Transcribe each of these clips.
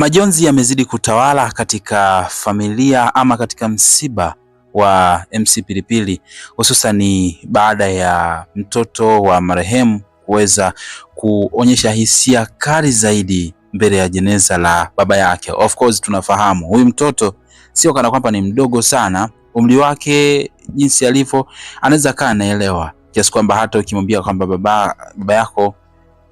Majonzi yamezidi kutawala katika familia ama katika msiba wa MC Pilipili, ni baada ya mtoto wa marehemu kuweza kuonyesha hisia kali zaidi mbele ya jeneza la baba yake. Of course tunafahamu huyu mtoto sio kana kwamba ni mdogo sana, umri wake jinsi alivyo anaweza kaa anaelewa, kiasi kwamba hata ukimwambia kwamba baba baba yako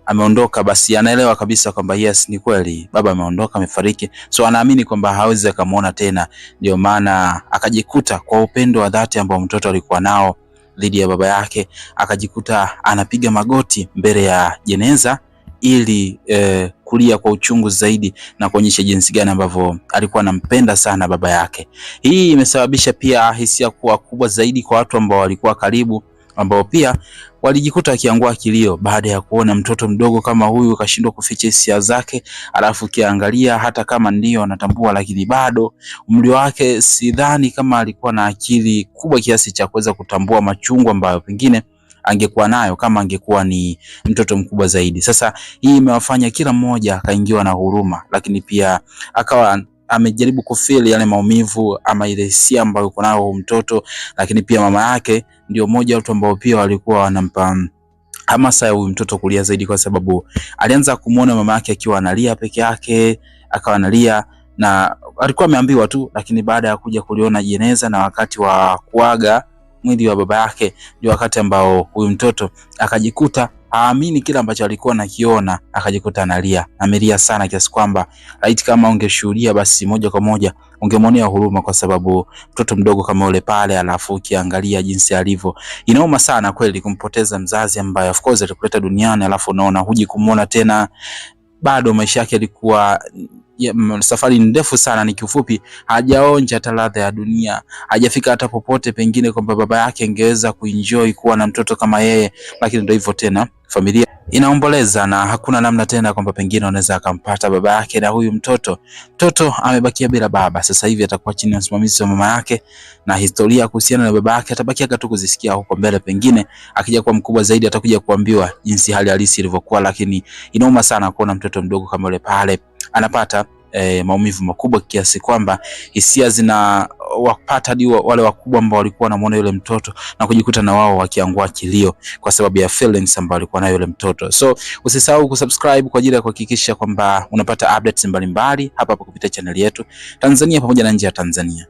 ameondoka, basi anaelewa kabisa kwamba yes, ni kweli baba ameondoka, amefariki. So anaamini kwamba hawezi akamwona tena, ndio maana akajikuta kwa upendo wa dhati ambao mtoto alikuwa nao dhidi ya baba yake, akajikuta anapiga magoti mbele ya jeneza ili eh, kulia kwa uchungu zaidi na kuonyesha jinsi gani ambavyo alikuwa anampenda sana baba yake. Hii imesababisha pia hisia kuwa kubwa zaidi kwa watu ambao walikuwa karibu ambao pia walijikuta wakiangua kilio baada ya kuona mtoto mdogo kama huyu kashindwa kuficha hisia zake, alafu kiangalia, hata kama ndio anatambua, lakini bado umri wake, sidhani kama alikuwa na akili kubwa kiasi cha kuweza kutambua machungu ambayo pengine angekuwa nayo kama angekuwa ni mtoto mkubwa zaidi. Sasa hii imewafanya kila mmoja akaingiwa na huruma, lakini pia akawa amejaribu kufeel yale maumivu ama ile hisia ambayo yuko nayo mtoto, lakini pia mama yake ndio mmoja watu ambao pia walikuwa wanampa mm, hamasa ya huyu mtoto kulia zaidi, kwa sababu alianza kumuona mama yake akiwa analia peke yake, akawa analia na alikuwa ameambiwa tu, lakini baada ya kuja kuliona jeneza na wakati wa kuaga mwili wa baba yake, ndio wakati ambao huyu mtoto akajikuta haamini kile ambacho alikuwa nakiona, akajikuta analia. Amelia sana kiasi kwamba laiti kama ungeshuhudia basi moja kwa moja ungemwonea huruma, kwa sababu mtoto mdogo kama yule pale, alafu ukiangalia jinsi alivyo, inauma sana kweli kumpoteza mzazi ambaye of course alikuleta duniani, alafu unaona huji kumwona tena, bado maisha yake yalikuwa safari ndefu sana, ni kifupi, hajaonja hata ladha ya dunia, hajafika hata popote pengine kwamba baba yake angeweza kuenjoy kuwa na mtoto kama yeye, lakini ndio hivyo tena familia inaomboleza na hakuna namna tena kwamba pengine anaweza akampata baba yake, na huyu mtoto mtoto amebakia bila baba. Sasa hivi atakuwa chini ya usimamizi wa mama yake, na historia kuhusiana na baba yake atabakia tu kuzisikia huko mbele, pengine akija kuwa mkubwa zaidi atakuja kuambiwa jinsi hali halisi ilivyokuwa. Lakini inauma sana kuona mtoto mdogo kama yule pale anapata e, maumivu makubwa kiasi kwamba hisia zina wapata hadi wale wakubwa ambao walikuwa wanamuona yule mtoto na kujikuta na wao wakiangua kilio kwa sababu ya feelings ambayo walikuwa nayo yule mtoto. So usisahau kusubscribe kwa ajili ya kuhakikisha kwamba unapata updates mbalimbali hapa hapa kupitia channel yetu Tanzania pamoja na nje ya Tanzania.